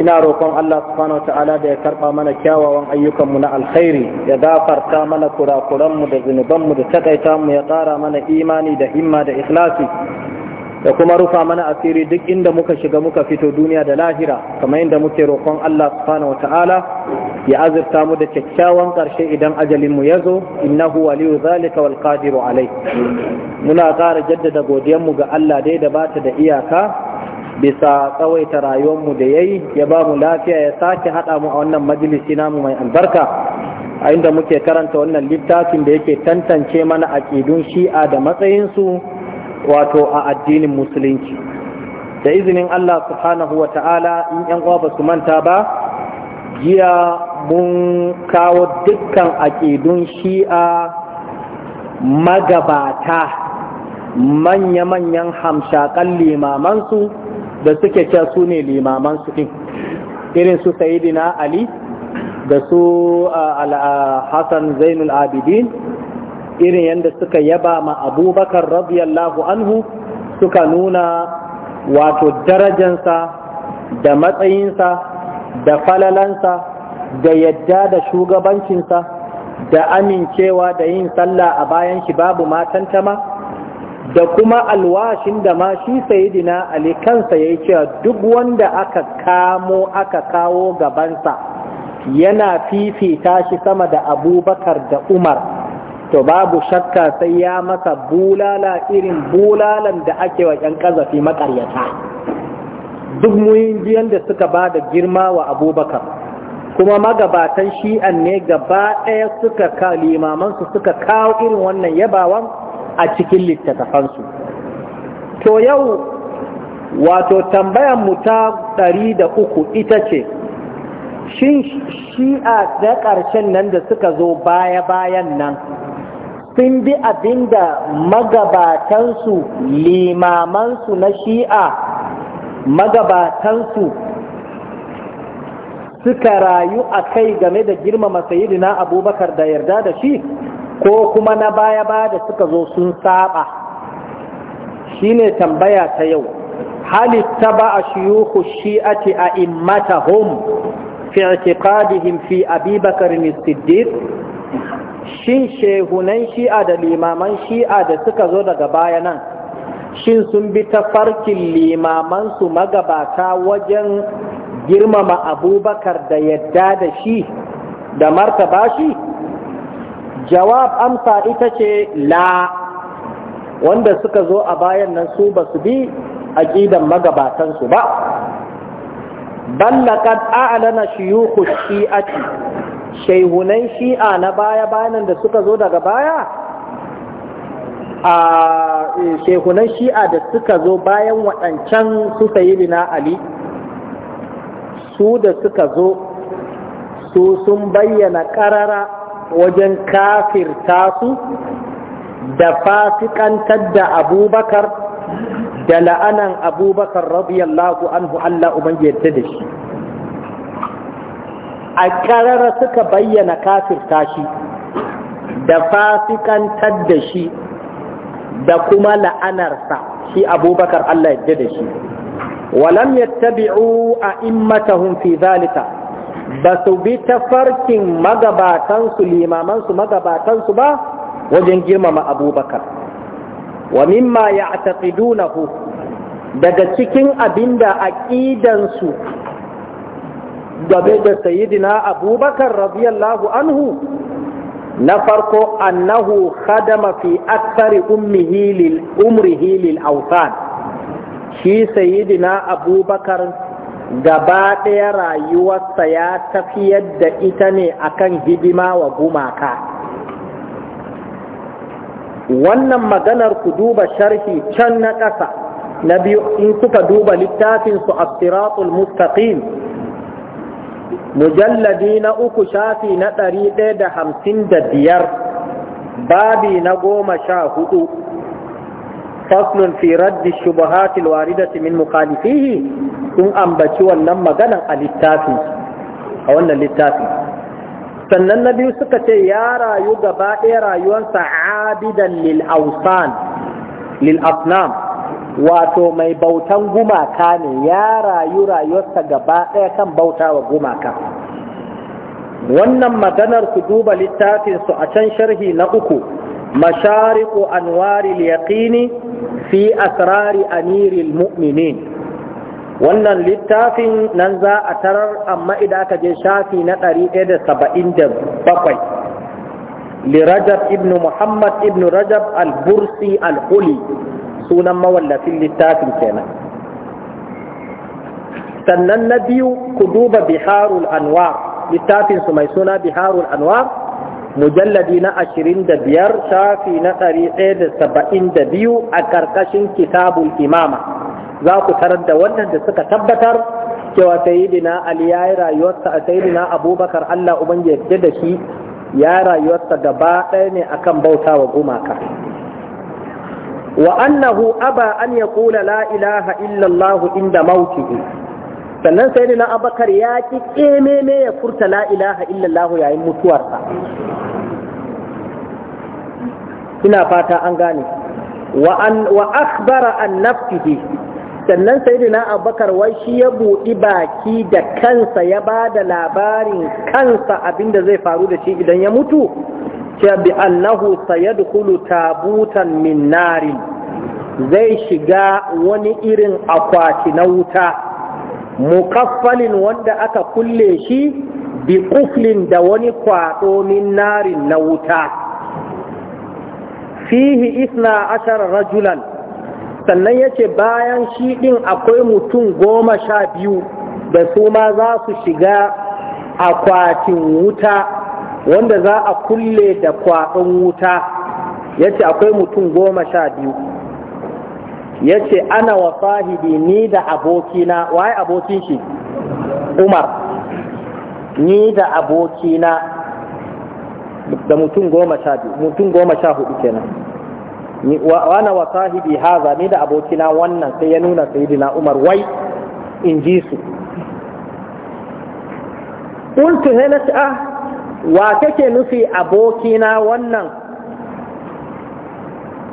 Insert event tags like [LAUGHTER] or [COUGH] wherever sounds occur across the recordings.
ina roƙon Allah subhanahu wata'ala da ya karɓa mana kyawawan ayyukanmu na alkhairi ya gafarta mana kurakuranmu da zunubanmu da taƙaita mu ya ƙara mana imani da himma da ikhlasi da kuma rufa mana asiri duk inda muka shiga muka fito duniya da lahira kamar inda muke roƙon Allah subhanahu wata'ala ya azurta mu da kyakkyawan ƙarshe idan ajalin mu ya zo innahu waliyu zalika wal qadiru alai muna ƙara jaddada godiyar ga Allah dai da bata da iyaka bisa tsawaita rayuwarmu da ya yi ya ba mu lafiya ya sake haɗa mu a wannan majalisi namu mai albarka a inda muke karanta wannan littafin da yake tantance mana aƙidun shi'a da matsayinsu wato a addinin musulunci da izinin Allah subhanahu wa ta'ala in ‘yan uwa ba su manta ba jiya mun kawo dukkan aƙidun shi'a magabata manya-manyan hamshakan limamansu da suke cewa su ne limaman su din irin su sayidina ali da su hassan zainul abidin irin yadda suka yaba ma abubakar radiyallahu anhu suka nuna wato darajansa da matsayinsa da falalansa da yadda da shugabancinsa da amincewa da yin sallah a bayan shi babu matantama da kuma alwashin da ma shi sayidina ali kansa ya yi cewa duk wanda aka kamo aka kawo gabansa yana fifita shi sama da abubakar da umar to babu shakka sai ya masa bulala irin bulalan da ake wa ‘yan ƙazafi maƙaryata duk biyan da suka ba da girma wa abubakar kuma magabatan shi'an ne gaba ɗaya suka ka limamansu suka kawo irin wannan yabawan a cikin littattafansu to yau wato tambayan mu ta ɗari da uku ita ce shi shi'a da ƙarshen nan da suka zo baya-bayan nan sun bi abin da magabatansu limamansu na shi'a magabatansu suka rayu a kai game da girmama na abubakar da yarda da shi ko kuma na baya ba da suka zo sun saba shine tambaya ta yau halitta ba a shiyuhu shi'ati a hom. fi i'tiqadihim fi abi bakar siddiq shin shehunan shi'a da limaman shi'a da suka zo daga baya nan shin sun bi tafarkin limaman su magabata wajen girmama abubakar da yadda da shi da martaba shi jawab amsa ita ce la wanda suka zo a bayan nan su ba su bi aqidan magabatansu ba ballaqad a'lana shuyukh shi'ati shaihunan shi'a na baya bayanan da suka zo daga baya a shaihunan shi'a da suka zo bayan waɗancan su sayyidina ali su da suka zo su sun bayyana ƙarara wajen kafirta su da fasikantar da abubakar da la'anan abubakar radiyallahu anhu Allah ubangiji da shi a karara suka bayyana kafirta shi da fasikantar da shi da kuma la'anarsa shi abubakar Allah yadda da shi walam yattabi'u a immatahum fi zalika ba su bi tafarkin magabatansu limamansu magabatansu ba wajen girmama abubakar wa mimma ya ataƙidunahu daga cikin abinda aƙidansu gabe da sayidina abubakar radiyallahu anhu na farko annahu khadama fi aksari umri hilil awsan shi sayidina abubakar gaba ɗaya rayuwarsa ya tafiyar da ita ne akan hidima wa gumaka wannan maganar ku duba sharhi can na ƙasa na biyu in suka duba littafinsu a siratul mustaqim mujalladi na uku shafi na ɗari ɗaya da hamsin da biyar babi na goma sha hudu faslun fi raddi shubuhati alwaridati min mukhalifihi sun ambaci wannan maganan a littafi wannan littafi sannan na biyu suka ce ya rayu gabaɗaya rayuwarsa abidan lil awsan lil asnam wato mai bautan gumaka ne ya rayu rayuwarsa gabaɗaya kan bauta wa gumaka wannan maganar ku duba littafinsu a can sharhi na uku mashariqu anwaril yaqini fi asrari amiril mu'minin wannan littafin nan za a tarar amma idan aka je shafi na 177 li rajab ibn muhammad ibn rajab al-bursi al-huli sunan mawallafin littafin kenan sannan na biyu ku duba biharul anwar littafin su mai suna biharul anwar mujalladi na ashirin da biyar shafi na ɗari da saba'in da biyu a ƙarƙashin kitabul imama za ku tarar da wannan da suka tabbatar cewa sayidina ali ya yi rayuwarsa a sayidina abubakar allah uban yadda da shi ya rayuwarsa gaba ɗaya ne akan bauta wa gumaka wa annahu aba an ya kula la ilaha illallahu inda mautihi sannan sai na abakar ya ƙi ƙememe ya furta la ilaha illallah yayin mutuwarsa ina fata an gane wa akhbara an nafsihi sannan sai na abakar wai shi ya buɗi baki da kansa ya ba da labarin kansa abinda zai faru da shi idan ya mutu ce bi annahu sayadkhulu tabutan min narin zai shiga wani irin akwati na wuta muƙaffalin wanda aka kulle shi bi ƙuflin da wani kwaɗo min narin na wuta fihi isna ashar rajulan sannan yace bayan shi ɗin akwai mutum goma sha biyu da su ma za su shiga akwatin wuta wanda za a kulle da kwaɗon wuta yace akwai mutum goma sha biyu ya ce ana wa sahibi ni da abokina waye abokin shi umar ni da abokina da mutum goma sha biyu mutum goma sha hudu kenan wana wa sahibi haza ni da abokina wannan sai ya nuna sayidina umar wai in ji su ƙultu helashi ah wa kake nufi abokina wannan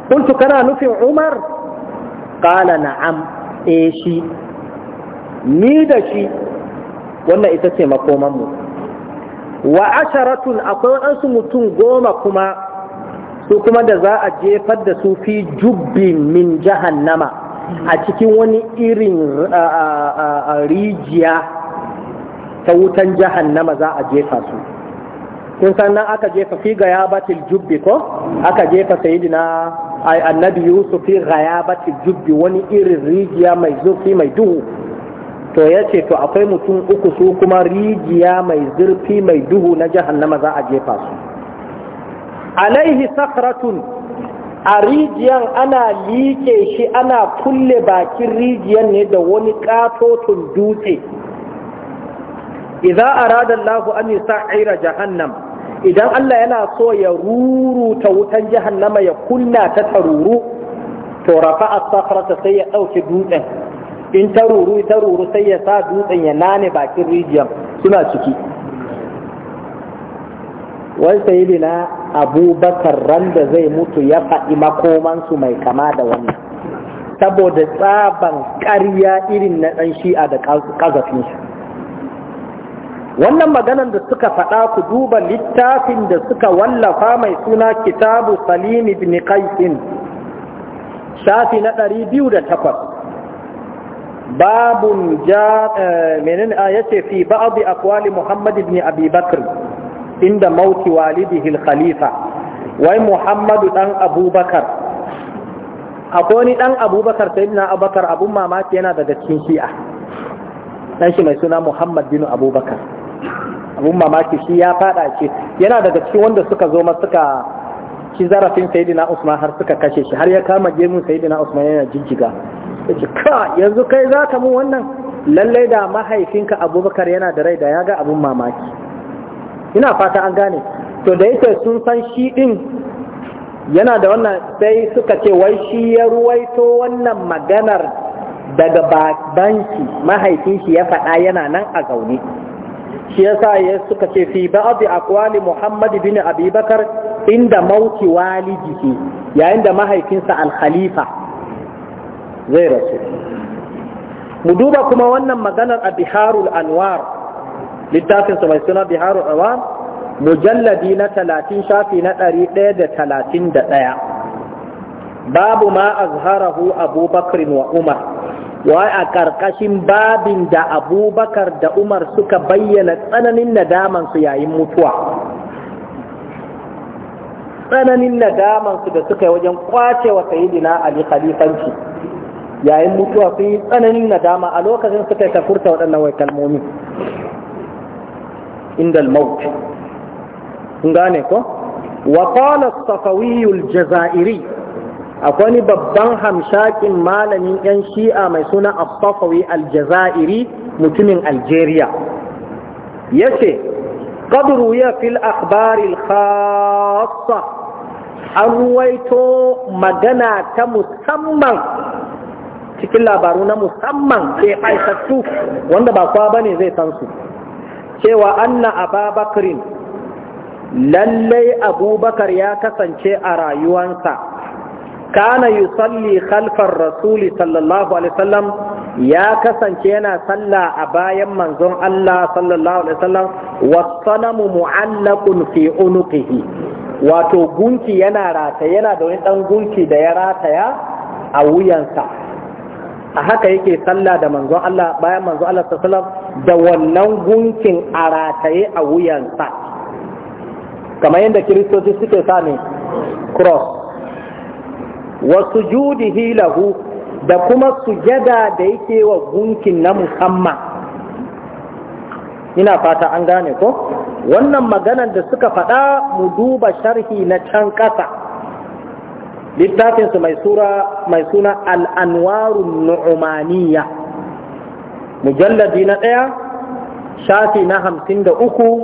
ƙultu kana nufin umar qala na'am e shi ni da shi wannan ita ce makoman mu wa asharatun akwai waɗansu mutum goma kuma su kuma da za a jefar da su fi jubbi min jahannama a cikin wani irin rijiya ta wutan jahannama za a jefa su kun sannan aka jefa fi ga ya batil jubbi ko aka jefa sayidina annabi yusuf fi ghayabati jubbi wani irin rijiya mai zurfi mai duhu to ya ce to akwai mutum uku su kuma rijiya mai zurfi mai duhu na jahannama za a jefa su alaihi sakratun a rijiyan ana liƙe shi ana kulle bakin rijiyan ne da wani katotun dutse idza arada Allahu an yusa'ira jahannam idan Allah yana so ya ruruta wutan jahannama ya kunna ta taruru to rafa as-sakhrata sai ya dauki dutsen in ta ruru ta ruru sai ya sa dutsen ya nane bakin rijiyar suna ciki wai abu abubakar ran da zai mutu ya faɗi makomansu mai kama da wani saboda tsaban ƙarya irin na ɗan shi'a da ƙazafinsu wannan maganan da suka faɗa ku duba littafin da suka wallafa mai suna kitabu salim ibn qaisin shafi na ɗari biyu da takwas babun ja eh, menene a ah, yace fi ba'd aqwali muhammad ibn abi bakr inda mauti walidihi al-khalifa wai muhammadu dan abubakar akwai ni dan abubakar sayyidina abubakar abun mamaki yana daga cikin shi'a dan shi mai suna muhammad bin abubakar abun mamaki shi ya fada ce yana daga cikin wanda suka zo ma suka ci zarafin sayidina Usman har suka kashe shi har ya kama gemun sayidina Usman yana jijjiga ka yanzu kai za ka mu wannan lallai da mahaifinka Abubakar yana da rai da ya ga abun mamaki ina fata an gane to da yake sun san shi din yana da wannan sai suka ce wai shi ya ruwaito wannan maganar daga banki mahaifin shi ya faɗa yana nan a zaune shi yasa ya suka ce fi ba'd aqwali Muhammad bin Abi Bakar inda mauti walidihi yayin da mahaifinsa al-khalifa zai rasu mu duba kuma wannan maganar a Biharul Anwar littafin sa mai suna Biharul Anwar mujalladi na 30 shafi na 131 babu ma azharahu Abu Bakr wa Umar wai a ƙarƙashin babin da abubakar da umar suka bayyana tsananin nadamansu yayin mutuwa tsananin nadamansu da suka yi wajen kwace wa sayidina ali khalifanci yayin mutuwa sun yi tsananin nadama a lokacin suka yi tafurta waɗannan wai kalmomi indal maut kun gane ko wa qala as jazairi akwai wani babban hamshakin malamin yan shi'a mai suna afafawi aljazairi mutumin algeria ya ce ƙaduru ya fil akhbaril khassa an ruwaito magana ta musamman cikin labaru na musamman ke aisattu wanda ba kwa bane zai san su cewa anna ababakarin lallai abubakar ya kasance a rayuwansa kana Salli khalfar rasuli sallallahu alaihi wasallam ya kasance yana sallah a bayan manzon Allah sallallahu alaihi wasallam wasalamu mu'allaqun fi unuqihi wato gunki yana rata yana da wani dan gunki da ya rataya a wuyansa a haka yake sallah da manzon Allah bayan manzon Allah sallallahu alaihi wasallam da wannan gunkin a rataye a wuyansa kamar yadda kiristoci suke sa ne cross wa sujudihi Hu da kuma sujada da yake wa gunkin na musamman ina fata an gane ko wannan maganan da suka faɗa mu duba sharhi na can ƙasa littafinsu mai suna al'anwarun nu'umaniya mujalladi na ɗaya shafi na hamsin da uku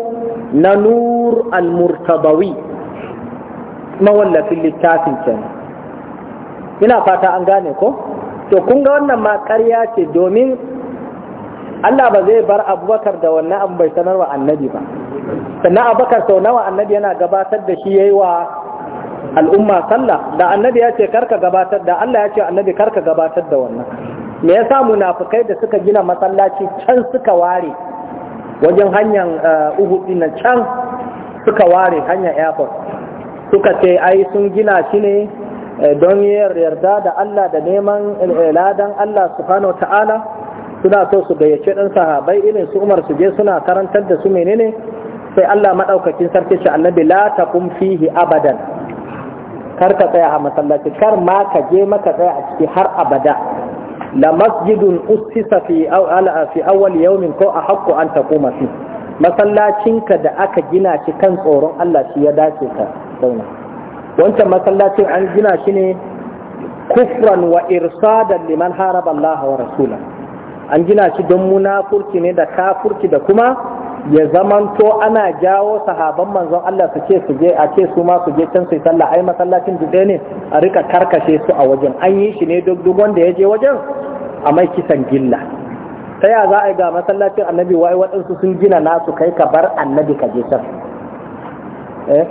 na nur al-murtabawi mawallafin littafin kenan ina fata an gane ko to kun ga wannan ma ƙarya ce domin Allah ba zai bar abubakar da wannan abu bai sanarwa annabi ba sannan abubakar sau nawa annabi yana gabatar da shi yayi wa al'umma sallah da annabi ya ce karka gabatar da Allah ya ce annabi karka gabatar da wannan me yasa munafikai da suka gina masallaci can suka ware wajen hanyar uh, Uhud din can suka ware hanyar airport suka ce ai sun gina shi ne Eh, don yarda da Allah da neman eh, ladan Allah subhanahu ta'ala suna so su gayyace dan sahabai irin su Umar su je suna karantar da su menene sai Allah maɗaukakin sarki shi annabi la taqum fihi abadan kar ka tsaya a masallaci kar ma ka je maka tsaya a ciki har abada la masjidun ussisa fi ala fi awwal yawmin ko ahqqu an taquma fi masallacinka da aka gina shi kan tsoron Allah shi ya dace ka zauna wancan masallacin an gina shi ne kufran wa irsadan liman haraba Allah wa rasula an gina shi don munafurci ne da kafurci da kuma ya zamanto ana jawo sahaban manzon Allah su ce su je a ce su ma su je can sai sallah ai masallacin dutse ne a rika karkashe su a wajen an yi shi ne duk duk wanda ya je wajen a mai kisan gilla ta ya za a ga masallacin annabi wai waɗansu sun gina nasu kai ka bar annabi ka je can eh?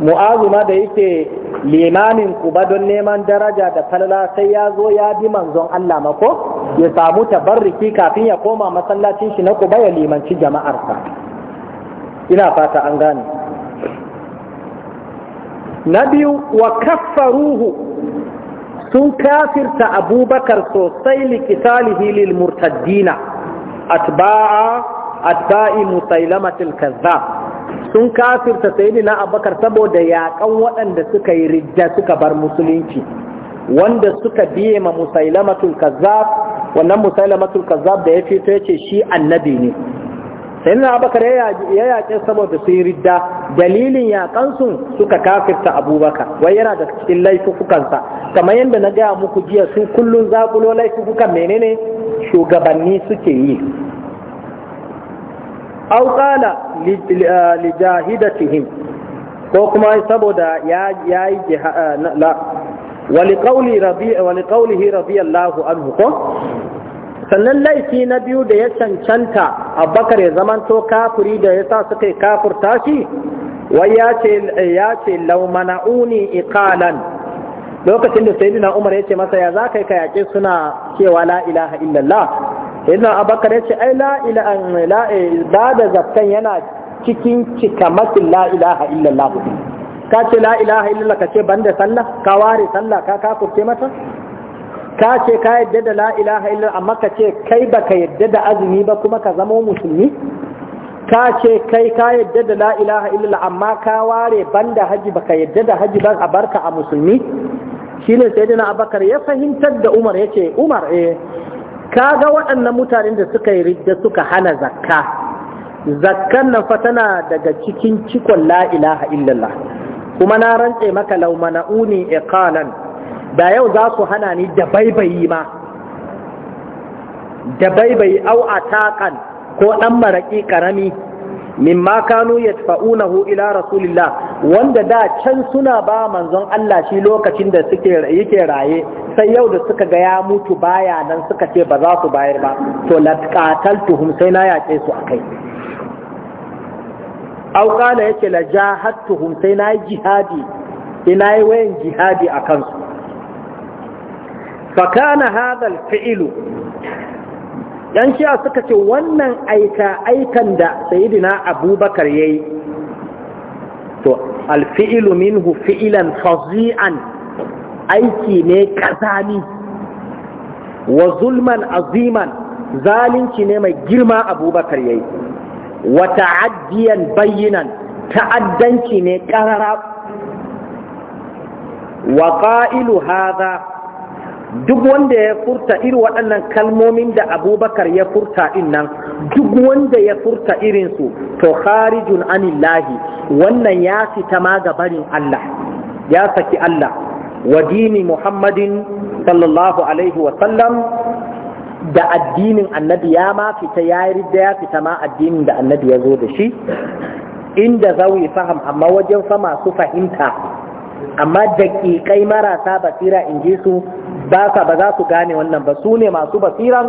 mu'azu ma da yake limamin ku ba don neman daraja da falala sai ya zo ya bi manzon Allah mako ya samu tabarriki kafin ya koma masallacin shi na ku ya limanci jama'arsa ina fata an gane na biyu wa kaffaruhu sun kafirta abubakar sosai likitalihi lil murtaddina atba'a atba'i musailamatil kazzab sun kafirta sayyidina abubakar saboda yaƙan waɗanda suka yi rijja suka bar musulunci wanda suka biye ma musailamatul kazzab wannan musailamatul kazzab da ya fito yace shi annabi ne na abubakar ya yaƙe saboda su yi ridda dalilin yaƙan sun suka kafirta abubakar wai yana da cikin laifukansa kamar yadda na gaya muku jiya su kullum zakulo laifukan menene shugabanni suke yi aw qala ah, li jahidatihim ko kuma saboda ya yi ah, la wa li rabi wa li qawlihi radiyallahu anhu ko sannan laifi na biyu da ya cancanta abubakar ya zamanto kafuri da ya sa suka kafurta shi wai ya ce laumana'uni iqalan lokacin da Sayyidina umar ya ce masa ya zakai ka suna cewa la ilaha illallah idan abakar ya ce ai la eh, da zakkan yana cikin cikamakin la ilaha illallah ka ce la ilaha illallah ka ce banda sallah ka ware sallah ka kafurce mata ka ce ka yadda da la ilaha illallah amma ka ce kai baka yadda da azumi ba kuma ka zama musulmi ka ce kai ka yadda da la ilaha illallah amma ka ware banda haji baka yadda da haji ba a barka a musulmi shine sayyidina abakar ya fahimtar da umar yace umar eh kaga waɗannan mutanen da suka yi ridda suka hana zakka zakkan nan fa tana daga cikin cikon la ilaha illallah kuma na rantse maka law mana'uni iqalan da yau za su hana ni da baibayi ma da baibayi au ataqan ko dan maraki karami mimma kanu yadfa'unahu ila rasulillah wanda da can suna ba manzon Allah shi lokacin da suke yake raye sai yau da suka ga ya mutu baya nan suka ce ba za su bayar ba to laqataltuhum sai na yaƙe su akai aw qala yake la jahadtuhum sai na jihadi ina yi wayan jihadi akan su fa kana hadha al-fi'lu yan shi'a suka ce wannan aika aikan da sayidina abubakar ya yi to alfi'ilu minhu fi'ilan fazi'an aiki ne kazani wa zulman aziman zalunci ne mai girma abubakar ya yi wa ta'addiyan bayyinan ta'addanci ne ƙarara wa ƙa'ilu haza duk wanda ya furta irin waɗannan kalmomin da abubakar ya furta ɗin nan duk wanda ya furta irinsu to kharijun anillahi wannan ya fita ma gabarin Allah ya saki Allah wa dini muhammadin sallallahu alaihi sallam, da addinin annabi ya ma fita ya ridda ya fita ma addinin da annabi ya zo da shi inda zawi faham amma wajen fa masu fahimta amma daƙiƙai marasa basira in ji su ba sa ba za su gane wannan ba su ne masu basiran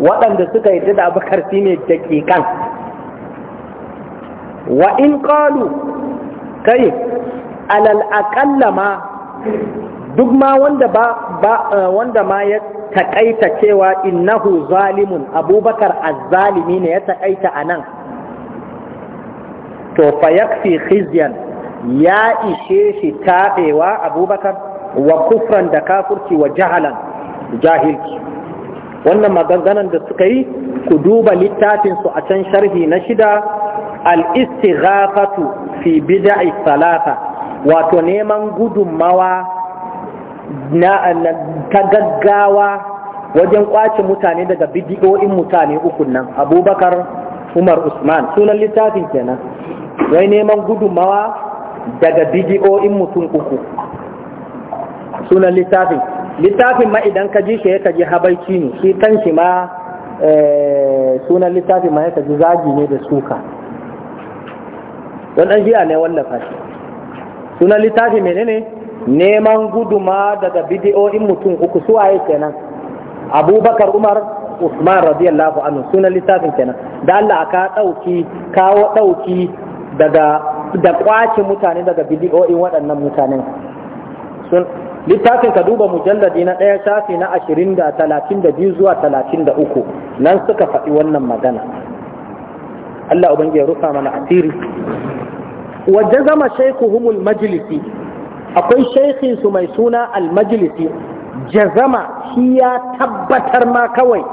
waɗanda suka yi da abubakar shi ne dakikan wa in qalu kai alal aƙalla ma duk ma wanda ba, eh, wanda ma ya taƙaita cewa innahu zalimun abubakar azzalimi ne ya takaita anan to fa yakfi khizyan ya ishe shi taɓewa abubakar wa kufran da kafurci wa jahalan jahilci wannan maganganan da suka yi ku duba littafin su a can sharhi na shida al-istighafatu fi bid'i salata wato neman gudunmawa na ta gaggawa wajen kwace mutane daga bidiyoyin mutane uku nan abubakar umar usman sunan littafin kenan wai neman gudunmawa daga bidiyoyin mutum uku sunan littafin littafin ma idan ka ji shi ya kaji habaici ne shi kanshi ma eh, sunan littafin ma ya kaji zagi ne da suka don ɗan jiya ne wallafa shi sunan littafin menene neman guduma daga bidiyoyin mutum uku ke kenan abubakar umar usman radiyallahu anhu sunan littafin kenan da Allah ka ɗauki kawo ɗauki daga da kwace mutane daga bidiyoyin waɗannan mutanen littafin ka duba mujalladi na ɗaya shafi na ashirin da talatin da biyu zuwa talatin da uku nan suka faɗi wannan magana Allah ubangiji ya rufa mana asiri wa jazama shaykhuhum majlisi akwai shaykhin su mai suna al-majlisi jazama shi ya tabbatar ma kawai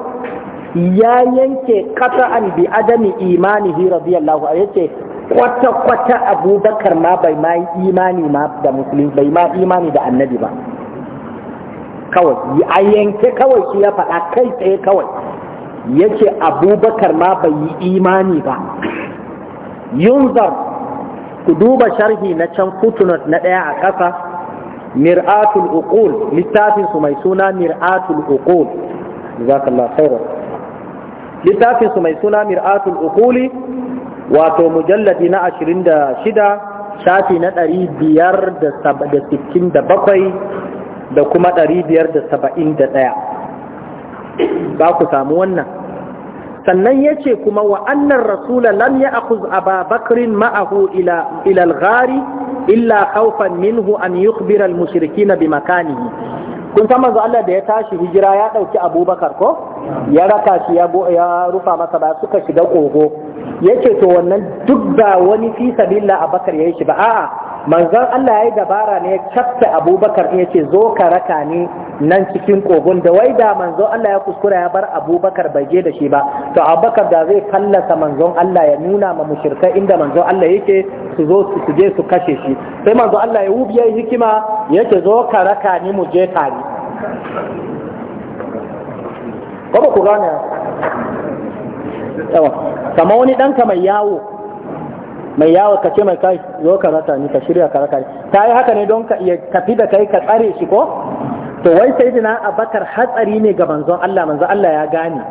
ya yanke qata'an bi adami hira radiyallahu a yace kwata-kwata abubakar ma bai ma imani ma da musulmi bai ma imani da annabi ba kawai a yanke kawai shi ya faɗa kai tsaye kawai ya ce abubakar ma bai yi imani ba yunzar ku duba sharhi na can footnote na ɗaya a ƙasa mir'atul uqul littafin su mai suna mir'atul uqul jazakallahu khairan littafin su mai suna mir'atul uquli wato mujalladi na 26 shafi na 567 da kuma 571 ba ku samu wannan sannan ya ce kuma wa annan rasula lam ya akuz ababakrin ma'ahu ilal ghari illa khawfan minhu an yukhbira al na bi makanihi kun san manzo Allah da ya tashi hijira ya dauki Abubakar ko ya raka shi ya rufa masa ba suka shiga kogo yace to wannan duk da wani fi sabilillah Abubakar yayi shi ba a'a manzon Allah ya yi dabara ne ya kafta abubakar ya ce zo ka raka ni nan cikin kogon da wai da manzon Allah ya kuskura ya bar abubakar bai je da shi ba to abubakar da zai fallasa manzon Allah ya nuna ma mushrikai inda manzon Allah yake su zo su je su kashe shi sai manzon Allah ya wubiya hikima yace zo ka raka ni mu je tare ku gane yawa wani ɗanka mai yawo mai yawo ka ce mai kai zo ka rata ni ka shirya ka raka ta yi haka ne don ka iya tafi da kai ka tsare shi ko to wai sai dina abakar hatsari ne ga manzon Allah manzon Allah ya gane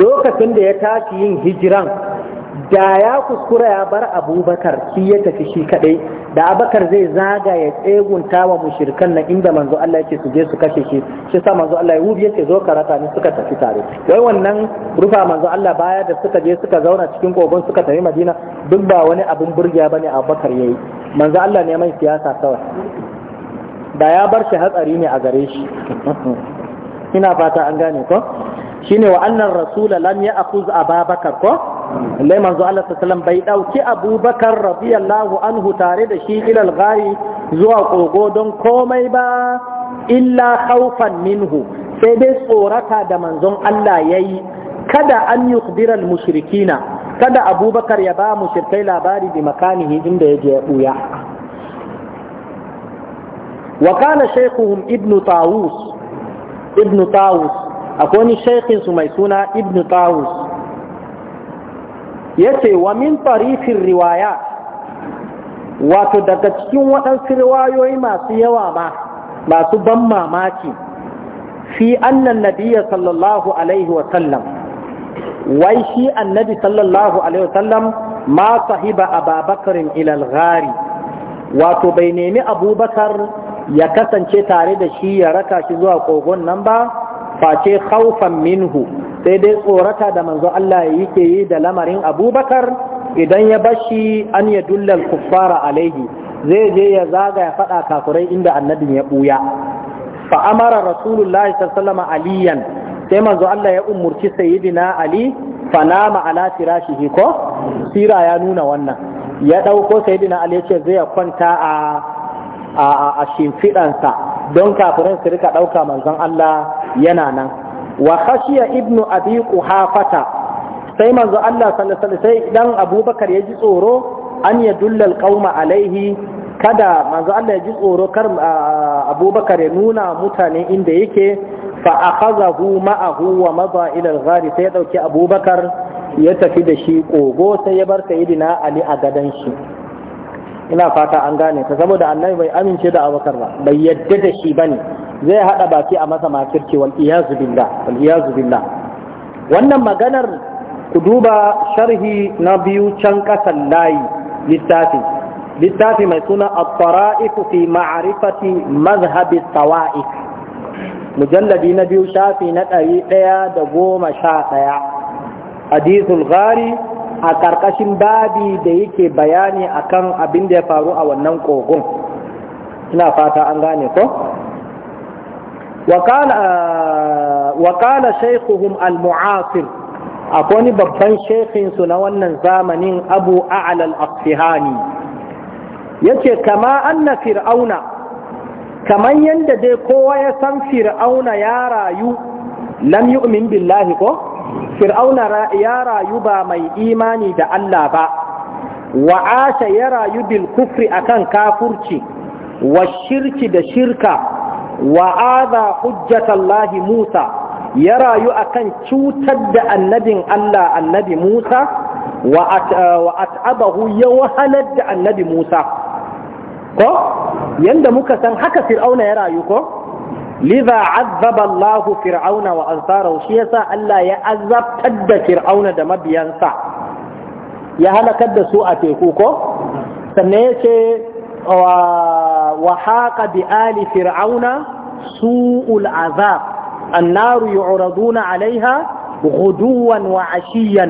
lokacin da ya tashi yin hijiran da ya kuskura ya bar abubakar shi ya tafi shi kadai da bakar zai zaga ya tsegunta wa mushirkan na inda manzo Allah yake su je su kashe shi shi sa manzo Allah ya wubi yake zo karata ne suka tafi tare wai wannan rufa manzo Allah baya da suka je suka zauna cikin kogon suka tafi Madina duk ba wani abin burgiya bane abubakar yayi manzo Allah ne mai siyasa kawai da ya bar shi hatsari ne a gare shi [LAUGHS] ina fata an gane ko shine wa annan rasula lam ya akuz ababakar ko lai manzo Allah Sallam bai dauki abubakar radiyallahu anhu tare da shi ilal gari zuwa kogo don komai ba illa khawfan minhu sai dai tsorata da manzon Allah yayi kada an yi al mushrikina kada abubakar ya ba mushrikai labari bi makanihi inda yaje ya buya wa kana shaykhuhum ibnu tawus ibnu tawus akwai wani shaikhin mai suna ibn tawus ce wa min tarifin riwaya wato daga cikin waɗansu riwayoyi masu yawa ma masu ban mamaki fi annan nabiya sallallahu alaihi wasallam wai shi annabi sallallahu alaihi wasallam ma sahiba ababakarin ilal ghari wato bai nemi abubakar ya kasance tare da shi ya raka shi zuwa kogon nan ba face khawfan minhu sai dai tsorata da manzo Allah yake yi da lamarin abubakar idan ya bashi an ya dullal kuffara alaihi zai je ya zaga ya faɗa kafurai inda annabin ya ɓuya fa amara rasulullahi sallallahu aliyan sai manzo Allah ya umurci sayyidina ali fanama ala firashihi ko sira ya nuna wannan ya ɗauko sayyidina ali ya ce zai kwanta a a shimfiɗansa don kafirin su rika ɗauka manzon Allah yana nan wa khashiya ibnu abi quhafata sai manzo Allah sallallahu alaihi sai dan abubakar ya ji tsoro an ya dullal qauma alaihi kada manzo Allah ya ji tsoro kar abubakar ya nuna mutane inda yake fa akhazahu ma'ahu wa madha ila al sai ya dauki abubakar ya tafi da shi kogo sai ya bar sayyidina ali a gadan shi ina fata an gane ka saboda annabi bai amince da abubakar ba bai yadda da shi bane zai haɗa baki a masa makirci wal iyazu billah wannan maganar ku duba sharhi na biyu can kasan layi littafi littafi mai suna at-tara'if fi ma'rifati mazhabi tawa'if mujalladi na biyu shafi na ɗari ɗaya da goma sha ɗaya hadithul ghari a ƙarƙashin babi da yake bayani akan abin da ya faru a wannan kogon ina fata an gane ko وقال وقال شيخهم المعاصر أقوني ببان شيخ سنوانا زامنين أبو أعلى الأصفهاني يتي كما أن فرعون كما يندد كوا يسم فرعون يا رايو لم يؤمن بالله كو فرعون يا رايو با مي إيماني دا الله با وعاش يا رايو بالكفر أكان كافرتي والشرك دا شركه wa'aza hujjatallahi Musa ya rayu akan cutar da annabin Allah annabi Musa uh, wa at'abahu ya wahalar da annabi Musa ko yanda muka san haka fir'auna ya rayu ko liza azzaba Allah fir'auna wa ansarahu shi yasa Allah ya azabtar da fir'auna da mabiyansa ya halakar da su a teku ko sannan yace وحاق بآل فرعون سوء العذاب النار يعرضون عليها غدوا وعشيا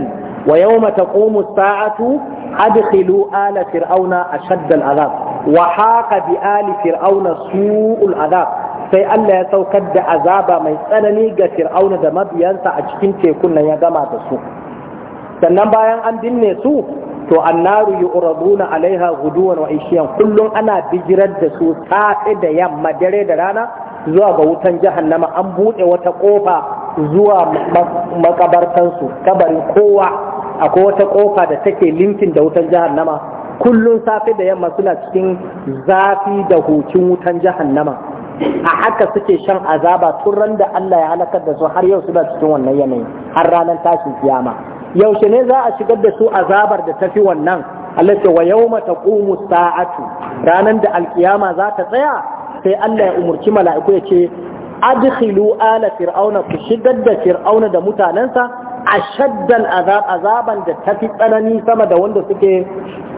ويوم تقوم الساعة أدخلوا آل فرعون أشد العذاب وحاق بآل فرعون سوء العذاب sai Allah ya saukar da azaba mai tsanani ga Fir'auna da mabiyansa a cikin tekun nan ya gama da su sannan bayan an binne su to annaru yu'raduna alaiha guduwan wa ishiyan kullum ana bijirar da su safe da yamma dare da rana zuwa ga wutan jahannama an buɗe wata kofa zuwa makabartansu kabarin kowa akwai wata ƙofa da take linkin da wutan jahannama kullum safe da yamma suna cikin zafi da hucin wutan jahannama a haka suke shan azaba tun ran da Allah ya halakar da su har yau suna cikin wannan yanayi har ranar tashin kiyama yaushe ne za a shigar da su azabar da tafi wannan Allah ce wa yawma taqumu sa'atu ranar da alkiyama za ta tsaya sai Allah ya umurci mala'iku ya ce adkhilu ala fir'auna ku shigar da fir'auna da mutanensa ashaddan azab azaban da tafi tsanani sama da wanda suke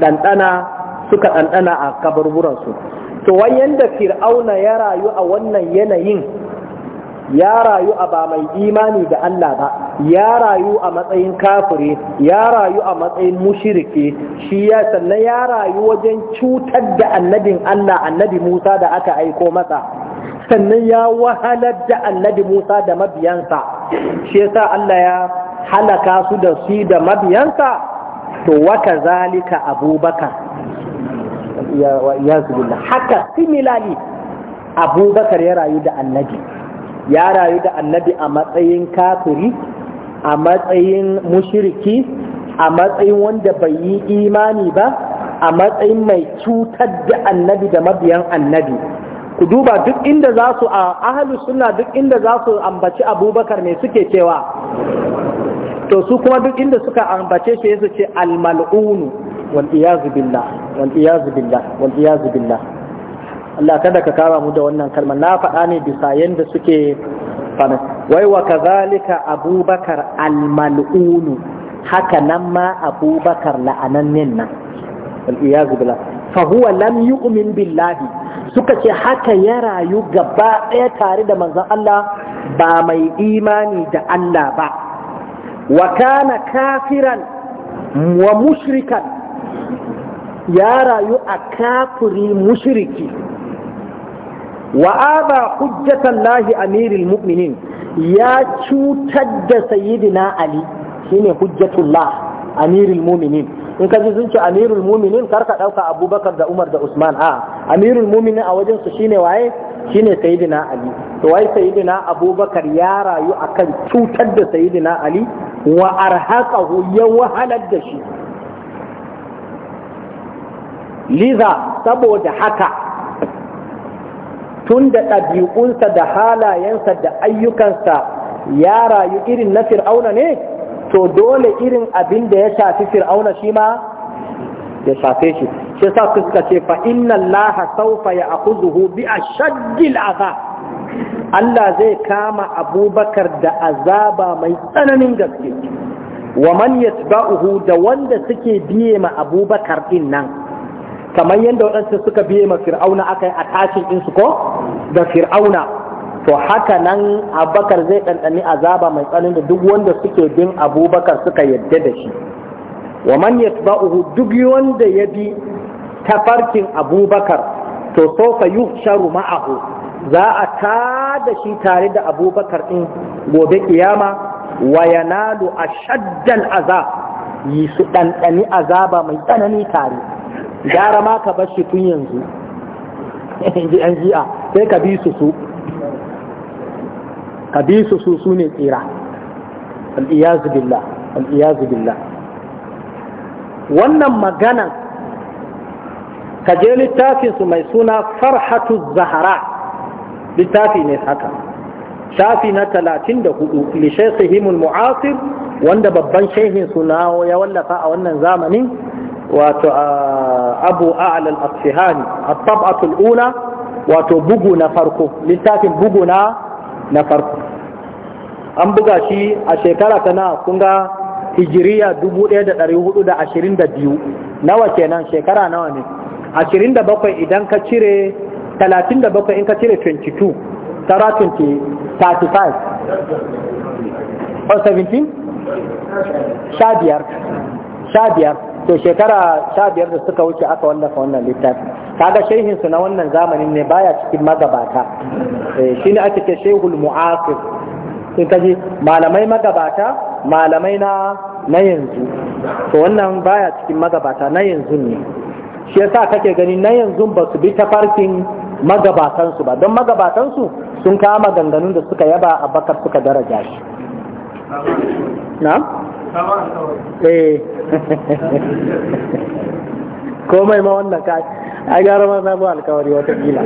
dandana suka dandana a kaburburansu to yanda fir'auna ya rayu a wannan yanayin ya rayu a ba mai imani da Allah ba ya rayu a matsayin kafiri ya rayu a matsayin mushiriki shi ya sannan ya rayu wajen cutar da annabin Allah annabi Musa da aka aiko masa sannan ya wahalar da annabi Musa da mabiyansa shi yasa Allah ya halaka su da su da mabiyansa to waka zalika abubakar wa iyazu billah haka similarly abubakar ya rayu da annabi ya rayu da annabi a matsayin kafiri a matsayin mushiriki a matsayin wanda bai yi imani ba a matsayin mai cutar da annabi da mabiyan annabi ku duba duk inda za su a ahalus suna duk inda za su ambaci abubakar ne suke cewa to su kuma duk inda suka ambace shi su ce mal'unu wal iyazu billah wal billah wal billah Allah kada ka kama mu da wannan kalmar na faɗa ne bisa yanda suke fana wai wa kazalika abubakar Almal'unu? haka nan ma abubakar la'anannen nan wal billah fa huwa lam yu'min billahi suka ce haka ya rayu gaba ɗaya tare da manzon Allah ba mai imani da Allah ba wa kana kafiran wa mushrikan ya rayu a kafiri mushriki wa aba hujjatan lahi amirul mu'minin ya cutar da sayyidina ali shine hujjatullah amirul mu'minin in ka ji sun ce amirul mu'minin kar ka dauka abubakar da umar da usman a amirul mu'minin a wajen su shine waye shine sayyidina ali to wai sayyidina abubakar ya rayu akan cutar da sayyidina ali wa arhaqahu ya wahalar da shi liza saboda haka tun da ɗabi'unsa da halayensa da ayyukansa ya rayu irin na fir'auna ne to dole irin abin da ya shafi fir'auna shi ma ya shafe shi shi sa suka ce fa inna allaha saufa ya akuzuhu bi a a azab Allah zai kama abubakar da azaba mai tsananin gaske wa man yatba'uhu da wanda suke biye ma abubakar din nan kamar yadda waɗansu suka biye ma fir'auna aka yi a tashin ɗinsu ko da fir'auna to haka nan abubakar zai ɗanɗani azaba mai tsanani da duk wanda suke bin abubakar suka yadda da shi wa man yatba'uhu duk wanda ya bi tafarkin abubakar to so sofa yuhsharu ma'ahu za a tada shi tare da abubakar ɗin gobe kiyama wa a shaddan azab yi su ɗanɗani azaba mai tsanani tare gara ma ka bar shi tun yanzu [LAUGHS] yan ji'a sai ka bi su su ka bi su su su ne tsira al'iyazu billah wannan magana ka je littafinsu mai suna farhatu zahara littafi ne haka shafi na talatin da hudu lishe mu'asir wanda babban shehin suna ya wallafa a wannan zamanin wato abu a'la al-asfihani at-tab'atu al-ula wato bugu na farko littafin bugu na na farko an buga shi a shekara ta na kunga hijiriya 1422 nawa kenan shekara nawa ne 27 idan ka cire 37 in ka cire 22 tara 20 35 17 sha sha biyar to shekara sha biyar da suka wuce aka wallafa wannan littafi kaga shehin su na wannan zamanin ne baya cikin magabata eh, shi ne ake ce shehul mu'asir sun kaji malamai magabata malamai na na yanzu to wannan baya cikin magabata na yanzu ne shi yasa kake gani na yanzu ba su bi ta magabatan magabatansu ba don magabatan su sun kama ganganun da suka yaba a bakar suka daraja shi na'am eh komai ma wannan ka a gyara ma samu alkawari watakila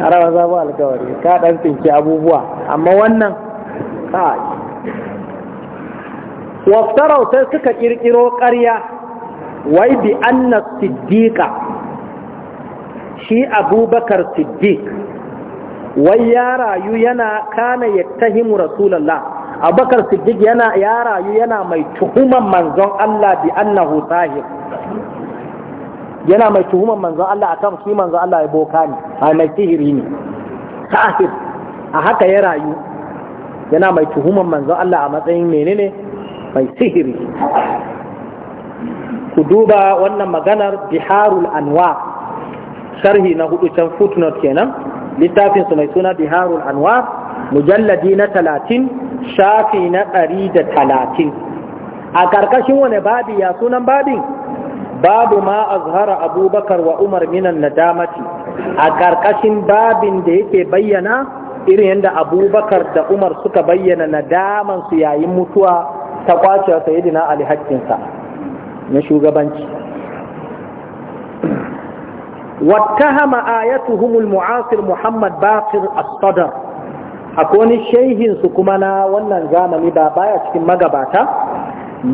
a rama samu alkawari ka dan tsinki abubuwa amma wannan ka waftarau sai suka kirkiro karya, wai bi anna siddiqa shi abubakar siddiq wai ya rayu yana kana yattahimu rasulullah abubakar siddiq yana ya rayu yana mai tuhuman manzon Allah bi annahu sahir yana mai tuhuman manzon Allah akan shi manzon Allah ya boka ne a mai sihiri ne sahir a haka ya rayu yana mai tuhuman manzon Allah a matsayin menene mai sihiri ku duba wannan maganar biharul anwa sharhi na hudu can footnote kenan littafin su mai suna biharul anwa mujalladi na talatin shafi na ɗari da talatin a ƙarƙashin wani babi ya sunan babin babu ma azhara abubakar wa umar minan nadamati a ƙarƙashin babin da yake bayyana irin yadda abubakar da umar suka bayyana nadamansu yayin mutuwa ta kwacewa sayidina ali haƙƙinsa na shugabanci واتهم آيتهم المعاصر محمد باقر الصدر akwai wani shehinsu kuma na wannan zamani da baya cikin magabata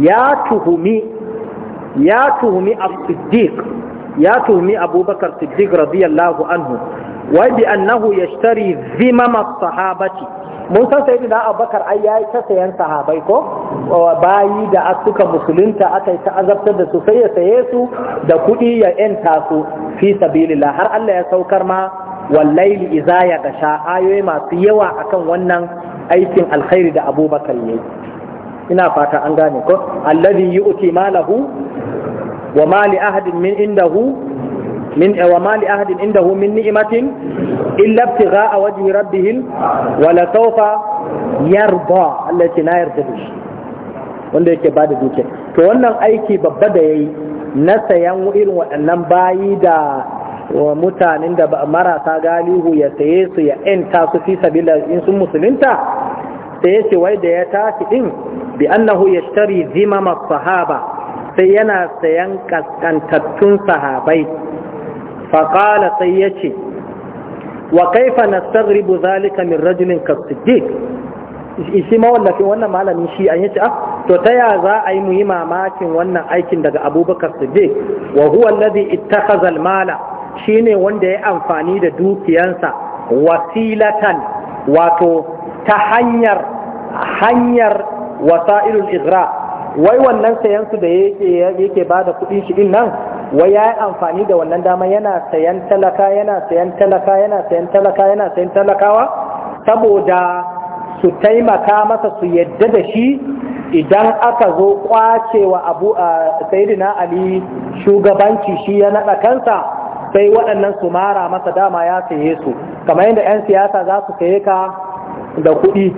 ya tuhumi ya tuhumi as-siddiq ya tuhumi abubakar siddiq radiyallahu anhu wai bi annahu yashtari zimama sahabati mun san sai na abubakar ai ya ta sayan sahabai ko bayi da suka musulunta aka ta azabtar da su sai ya saye su da kuɗi ya yanta su fi sabilillah har Allah ya saukar ma wallahi iza ya gasha ayoyi masu yawa akan wannan aikin alkhairi da abubakar ne. ina fata an gane ko alladhi yu'ti malahu wa mali ahadin min indahu min wa mali ahadin indahu min ni'matin illa ibtigha wajhi rabbihim wala sawfa yarda Allah ce na wanda yake bada dukiya to wannan aiki babba da yayi na sayan irin waɗannan bayi da mutanen da marasa galihu ya saye su ya enta su fi sabila in sun musulunta sai ya ce wai da ya tashi din bi annahu tari zimama sahaba sai yana sayan kaskantattun sahabai faƙala sai ya ce wa kaifa nastaghribu zalika min rajulin kasiddiq shi ma wallafin wannan malamin shi an yace ah to ta ya za a yi muyi mamakin wannan aikin daga abubakar siddiq wa huwa alladhi ittakhadha al-mala shine wanda ya amfani da dukiyansa wasilatan wato ta hanyar hanyar wasailul igra wai wannan sayansu da yake yake bada kuɗin shi din nan wai ya yi amfani da wannan dama yana sayan talaka yana sayan talaka yana sayan talaka yana sayan talakawa saboda su taimaka masa su yadda da shi idan aka zo kwacewa abu a sayidina ali shugabanci shi ya naɗa kansa sai waɗannan su mara masa dama ya saye su kamar yadda 'yan siyasa za su saye ka da kuɗi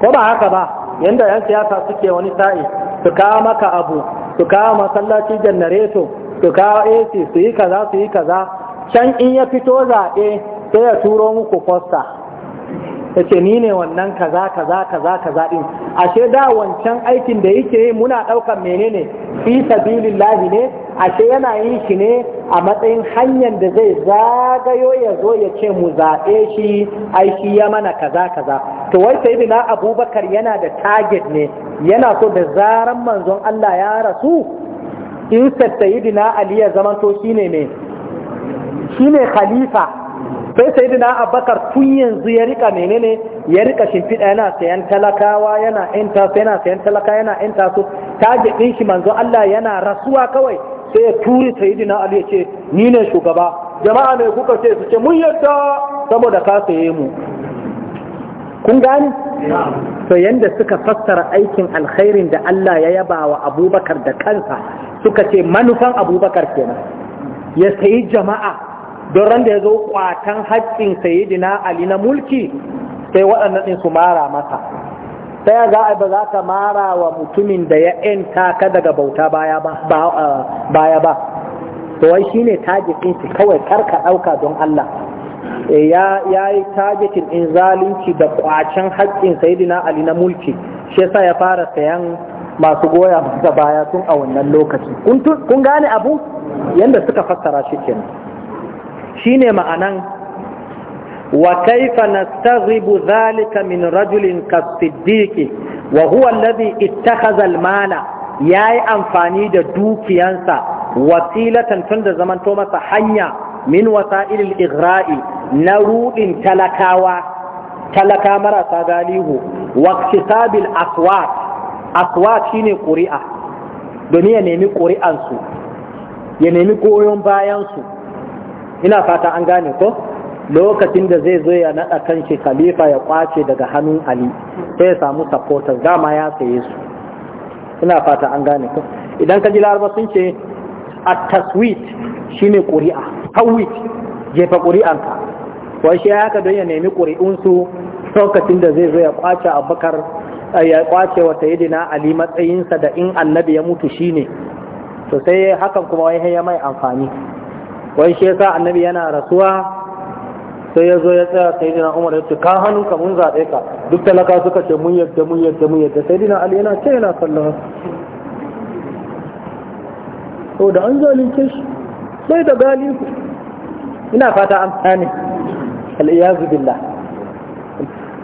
ko ba haka ba yadda 'yan siyasa suke wani sa'i su kawo maka abu su kawo masallaci janareto su kawo ac su yi kaza su yi kaza can in ya fito zaɓe sai ya turo muku fosta ya ce ni ne wannan kaza kaza kaza kaza ɗin ashe da wancan aikin da yake yi muna ɗaukar menene fi lahi ne ashe yana yin shi ne a matsayin hanyar da zai zagayo ya zo ya ce mu zaɓe shi aiki ya mana kaza kaza to wai na abubakar yana da target ne yana so da zaran manzon Allah ya rasu in sayyidina ali ya to shine ne shine khalifa sai sayyidina abubakar tun yanzu ya rika menene ya rika shimfiɗa yana sayan talakawa yana enta yana sayan talaka yana enta so target din shi manzon Allah yana rasuwa kawai sai ya turi sayyidina ali ya ce ni ne shugaba jama'a ne kuka ce su ce mun yadda saboda ka saye mu kun gani? to yanda suka fassara aikin alkhairin da Allah ya yaba wa abubakar da kansa suka ce manufan abubakar kenan ya sayi jama'a don ran da ya zo kwatan haƙƙin sayidina ali na mulki sai waɗannan ɗin su mara masa sai ya za ba za ka mara wa mutumin da ya ‘yanta ka daga bauta baya ba to wai shine tajikin shi kawai karka ɗauka don Allah Eh, ya yi targetin in zalunci da kwacen haƙƙin sayidina ali na mulki shi yasa ya fara sayan masu goya da baya tun a wannan lokaci kun gane abu yadda suka fassara shi Shi shine ma'anan wa kaifa nastaghibu zalika min rajulin kasiddiqi wa huwa alladhi ittakhadha al ya yayi amfani da dukiyansa wasilatan tun da zamanto masa hanya min wasa'ilil igra'i na rudin talakawa talaka marasa galihu waktisabil aswat aswat shine ƙuri'a domin ya nemi ƙuri'ansu ya nemi goyon bayansu ina fata an gane ko lokacin da zai zo ya naɗa kanshi khalifa ya kwace daga hannun ali sai ya samu supporters dama ya saye su ina fata an gane ko idan ka ji laraba sun ce a taswit shine ƙuri'a tawit jefa ƙuri'anka wai shi haka don ya nemi ƙuri'unsu lokacin da zai zo ya kwace abubakar eh, ya kwace wata yadina ali matsayinsa da in annabi ya mutu shi ne to sai hakan kuma wai ya mai amfani wai shi sa annabi yana rasuwa sai ya zo ya tsaya sai dina umar ya ce ka hannu ka mun zaɓe ka duk talaka suka ce mun yadda mun yadda mun yadda sai dina ali yana ce yana kallon to da an zalunce shi sai da galibu ina fata an tsane al'iyazu billah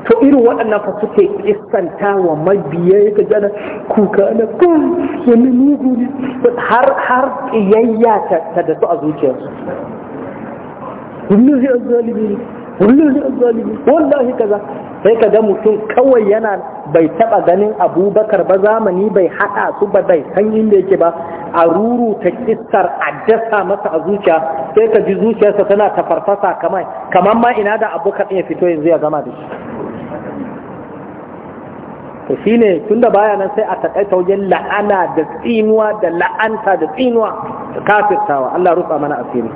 to irin waɗannan fa suke kistanta wa mabiya ya gana kuka na kun wani mugu ne har har kiyayya ta da su a zuciyarsu kullum zai azzalimi ne kullum azzalimi wallahi kaza sai ka ga mutum kawai yana bai taba ganin abubakar ba zamani bai haɗa su ba bai san inda yake ba a ruruta kistar a dasa masa a zuciya sai ka ji zuciyarsa tana tafarfasa kamar kamar ma ina da abu kaɗin ya fito yanzu ya gama da shi to shine da baya nan sai a takaita wajen la'ana da tsinuwa da la'anta da tsinuwa kafirtawa Allah rufa mana asiri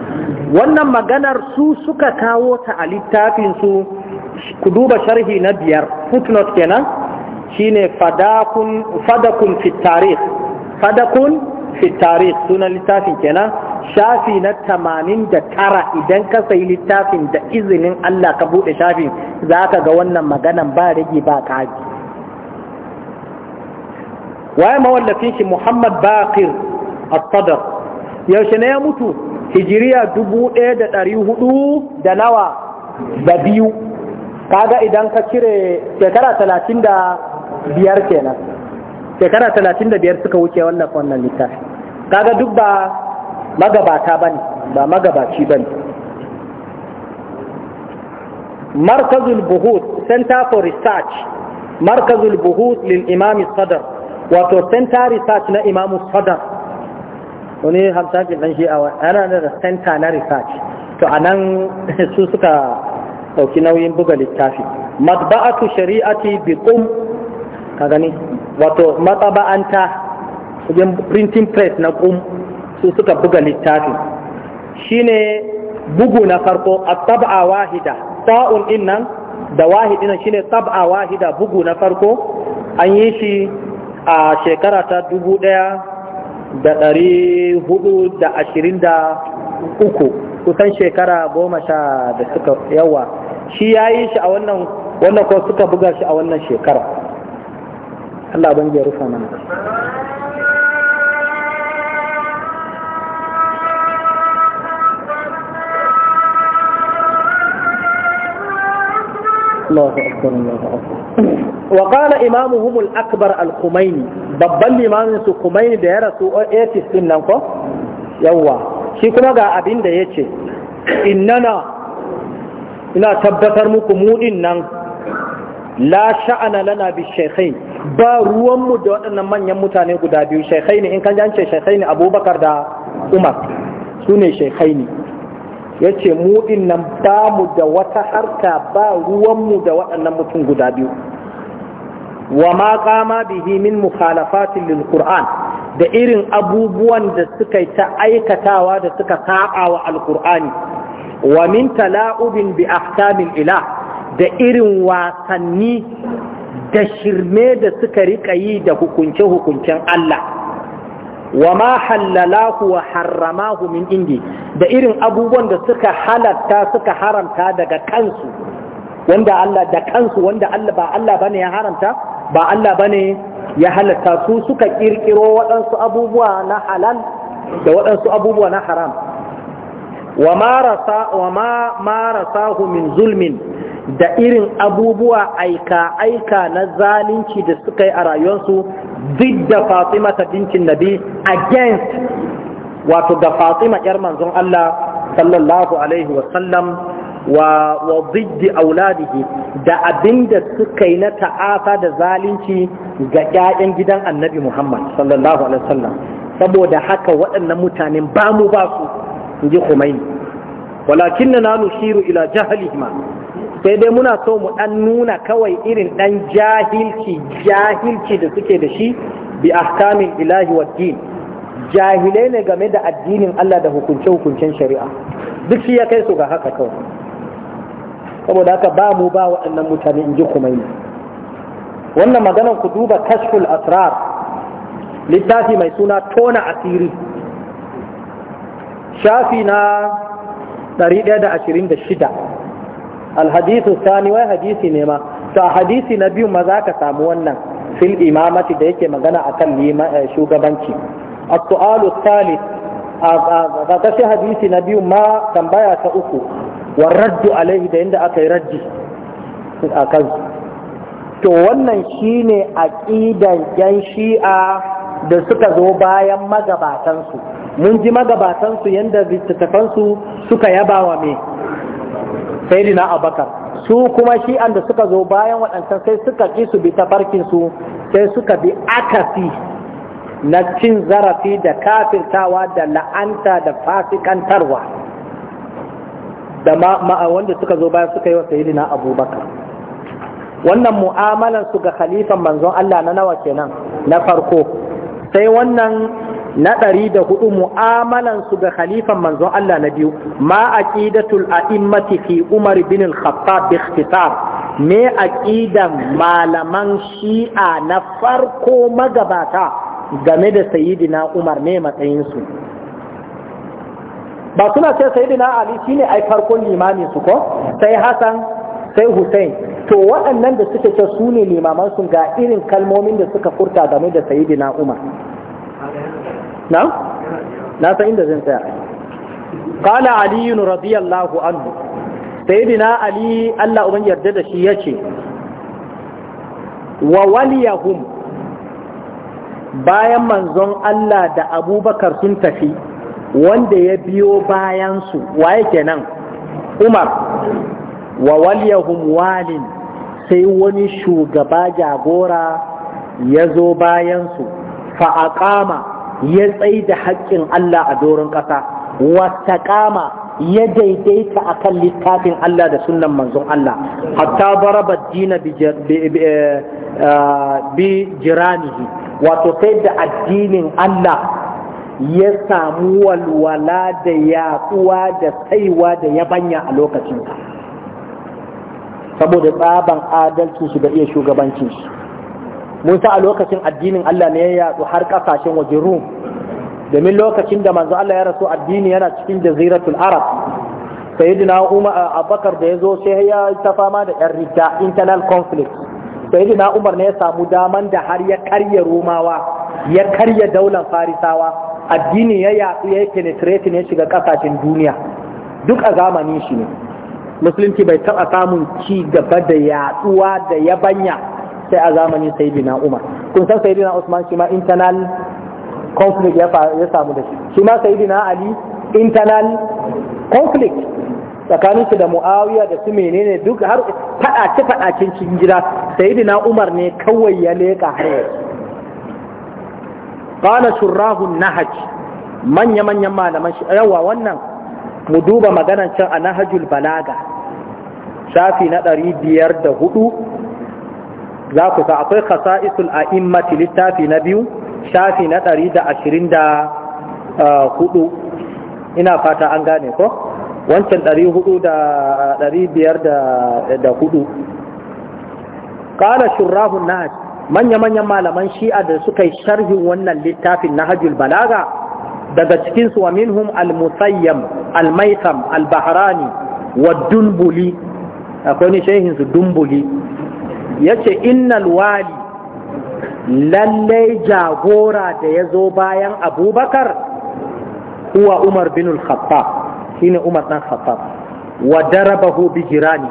wannan maganar su suka kawo ta a littafin su ku duba sharhi na biyar footnote kenan shine fadakun fadakun tarikh fadakun fi tarikh sunan littafin kenan shafi na tamanin da tara idan ka sayi littafin da izinin Allah ka buɗe shafin za ka ga wannan maganan ba rage ba kaji waye mawallafin shi Muhammad Bakir al sadr yaushe ne ya mutu hijiriya dubu ɗaya da ɗari hudu da nawa da biyu kaga idan ka cire shekara talatin da biyar kenan shekara talatin da biyar suka wuce wannan wannan littafi kaga duk ba magabata bane ba magabaci bane markazul buhut center for research markazul buhut lil imam sadar wato center research na imam sadar wani hamsashin dan shi a ana da center na research to anan [LAUGHS] su suka dauki nauyin buga littafi matba'atu shari'ati biqum ka gani wato mataba'anta wajen printing press na qum su suka buga littafin shine bugu na farko a taba wahida ta'un innan da wahid nan ne tab'a wahida bugu na farko an yi shi a shekara ta dubu ɗaya da ɗari hudu da ashirin da uku kusan shekara goma sha da suka yawa shi ya yi shi a wannan wannan ko suka buga shi a wannan shekara Allah ban ya rufa mana الله أكبر الله أكبر وقال إمامهم الأكبر الخميني babban limamin su kumaini da ya rasu 80 din nan ko Yawwa. shi kuma ga abin da ya ce innana ina tabbatar muku mudin nan la sha'ana lana bi shekhai ba ruwanmu da waɗannan manyan mutane guda biyu shekhai ne in kan jance shekhai ne abubakar da umar su ne shekhai ne ya ce mu nan ba mu da wata harka ba ruwanmu da waɗannan mutum guda biyu wa ma kama bihi min mukhalafatin lil qur'an da irin abubuwan da suka yi ta aikatawa da suka saba wa alqur'ani wa min tala'ubin bi ahkamil ilah da irin wasanni da shirme da suka riƙa yi da hukunce-hukuncen Allah wa ma halalahu wa harramahu min indi da irin abubuwan da suka halatta suka haramta daga kansu wanda Allah da kansu wanda Allah ba Allah bane ya haramta ba Allah bane ya halatta su suka kirkiro waɗansu abubuwa na halal da waɗansu abubuwa na haram wa ma marasa min zulmin da irin abubuwa aika-aika na zalunci da suka yi a rayuwarsu duk da Fatima ta bintin Nabi against wato ga Fatima ‘yar manzon Allah sallallahu Alaihi wasallam wa ziddi auladihi da abinda suka yi na ta'afa da zalunci ga ‘ya'yan gidan annabi Muhammad sallallahu Alaihi wasallam saboda haka waɗannan mutanen ba mu ba su, in ji walakin na nushiru ila jahilihima sai dai muna so mu ɗan nuna kawai irin ɗan jahilci jahilci da suke da shi bi ahkamin ilahi wa din jahilai ne game da addinin Allah da hukunce-hukuncen shari'a duk shi ya kai su ga haka kawai saboda haka ba mu ba waɗannan mutane in ji kumaini wannan maganar ku duba kashful asrar littafi mai suna tona asiri shafi na 126 alhadisu sani wai hadisi ne ma to a hadisi na biyu ma za ka samu wannan fil imamati da yake magana kan eh, shugabanci as-su'alu thalith a kashe hadisi na biyu ma tambaya ta uku wa raddu alaihi da inda aka yi raddi a kansu to wannan shine aqidan yan shi'a da suka zo bayan magabatansu mun ji magabatansu yadda littattafansu suka yaba wa me sayyidina abakar su kuma shi'an da suka zo bayan waɗancan sai suka ƙi su bi ta farkinsu sai suka bi akasi na cin zarafi da kafirtawa da la'anta da fasikantarwa da ma'a wanda suka zo bayan suka yi wa sayyidina abubakar wannan mu'amalan su ga khalifan manzon Allah na nawa kenan na farko sai wannan na ɗari da hudu su ga khalifan manzon Allah na biyu ma aqidatul a'immati fi Umar bin al-Khattab bi ikhtisar me aqidan malaman Shi'a na farko magabata game da sayyidina Umar ne matsayin su ba suna ce sayyidina Ali shine ai farkon limamin su ko sai Hassan sai Hussein to waɗannan da suke ce su ne limaman su ga irin kalmomin da suka furta game da sayyidina Umar na na san inda zan tsaya قال anhu sayyidina ali Allah uban yarda da shi yace Wa waliyahum bayan manzon Allah da abubakar sun tafi wanda ya biyo bayansu waye kenan Umar wa waliyahum walin sai wani shugaba jagora ya zo bayansu kama. ya tsai da haƙƙin Allah a doron ƙasa ƙama ya daidaita a kan littafin Allah da sunan manzon Allah hatta baraba dina eh, eh, bi jiranihi wato sai da addinin Allah ya samu walwala da yaƙuwa da saiwa da yabanya a lokacinsa saboda tsaban adalci su da iya shugabancin mun sa a lokacin addinin Allah ne ya yatsu har kasashen wajen Rum domin lokacin da manzo Allah ya rasu addini yana cikin jaziratul Arab sayyidina Umar Abubakar da yazo sai ya ta fama da yan ridda internal conflict sayyidina Umar ne ya samu daman da har ya karya Romawa ya karya daular Farisawa addini ya yatsu ya penetrate ne shiga kasashen duniya duk a zamanin shi ne musulunci bai taɓa samun ci gaba da yatsuwa da ya banya. sai a zamanin sayyidina Umar kun san sayyidina Usman shi ma internal conflict ya samu da shi shi ma sayyidina Ali internal conflict tsakanin su da Muawiya da su menene duk har fada cin cikin gida sayyidina Umar ne kawai ya leka har qala shurrahun nahaj manya manyan malaman shi yawa wannan mu duba maganar can a nahajul balaga shafi na ɗari biyar da za ku sa akwai a a'immati littafi na biyu shafi na ɗari da ashirin da uh, hudu ina fata an gane ko wancan ɗari hudu da ɗari biyar da hudu manya-manyan malaman shi'a da suka yi sharhin wannan littafin na hajjul balaga daga cikinsu wa minhum al-musayyam al-maitam al-bahrani wa dunbuli akwai ni shehinsu Dunbuli. yace innal wali lallai jagora da ya zo bayan abubakar huwa umar bin al-khattab shine umar dan khattab wa darabahu bi jirani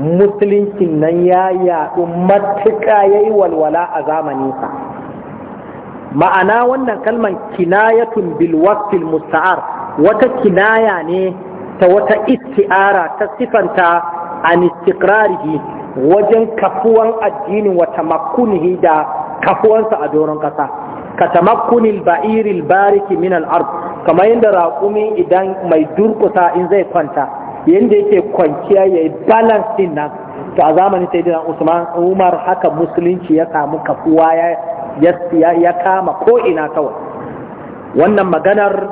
musuluncin nan ya yaɗu matuƙa yayi walwala a zamaninsa ma'ana wannan kalman kinayatun bil musta'ar wata kinaya ne ta wata isti'ara ta sifanta an wajen kafuwan addinin wa tamakkunihi da kafuwansa a doron kasa ka tamakkunil ba'iril bariki min al kamar yadda raƙumi idan mai durkusa in zai kwanta yadda yake kwanciya ya yi balance din nan to a zamanin sai dinan usman umar haka musulunci ya samu kafuwa ya kama ko ina kawai wannan maganar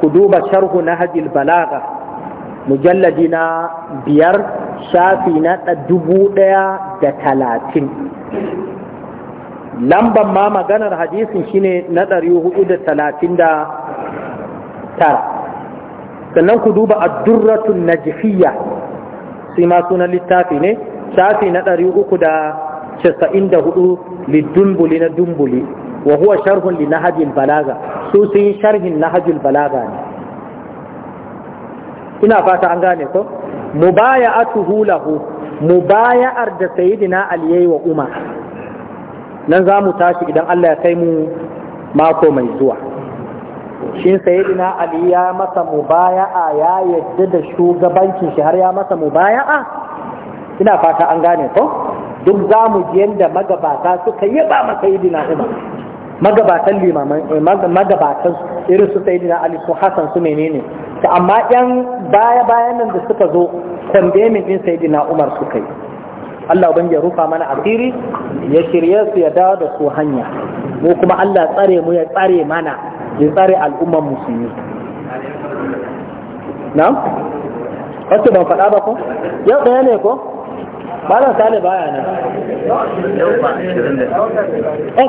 ku duba sharhu na hajjil balaga mujalladi na biyar shafi na dubu ɗaya da talatin lamban ma maganar hadisin shine na ɗari hudu da talatin da tara sannan ku duba addurratun najihiyya sai ma sunan littafi ne shafi na ɗari uku da casa'in da hudu dumbuli na dumbuli wa huwa sharhun li nahajil balaga su sun yi sharhin nahajin balaga ne ina fata an gane ko mubaya'atuhu lahu mubaya'ar da sayyidina ali yayi wa umar nan za mu tashi idan Allah ya kai mu mako mai zuwa shin sayyidina ali ya masa mubaya'a ya yadda da shugabancin shi har ya masa mubaya'a ina fata an gane ko duk za mu ji yadda magabata suka yaba ma sayyidina umar magabatan limaman eh, magabatan irin su sayyidina ali su hasan su menene ta amma yan baya bayan nan da suka zo kwandemin din sayyidina umar su kai Allah ban ya rufa mana asiri ya shirye su ya dawo da su hanya mu kuma Allah tsare mu ya tsare mana ya tsare al'umman musulmi na? wasu ban faɗa ba ko? yau ɗaya ne ko? ba malam sale baya nan eh,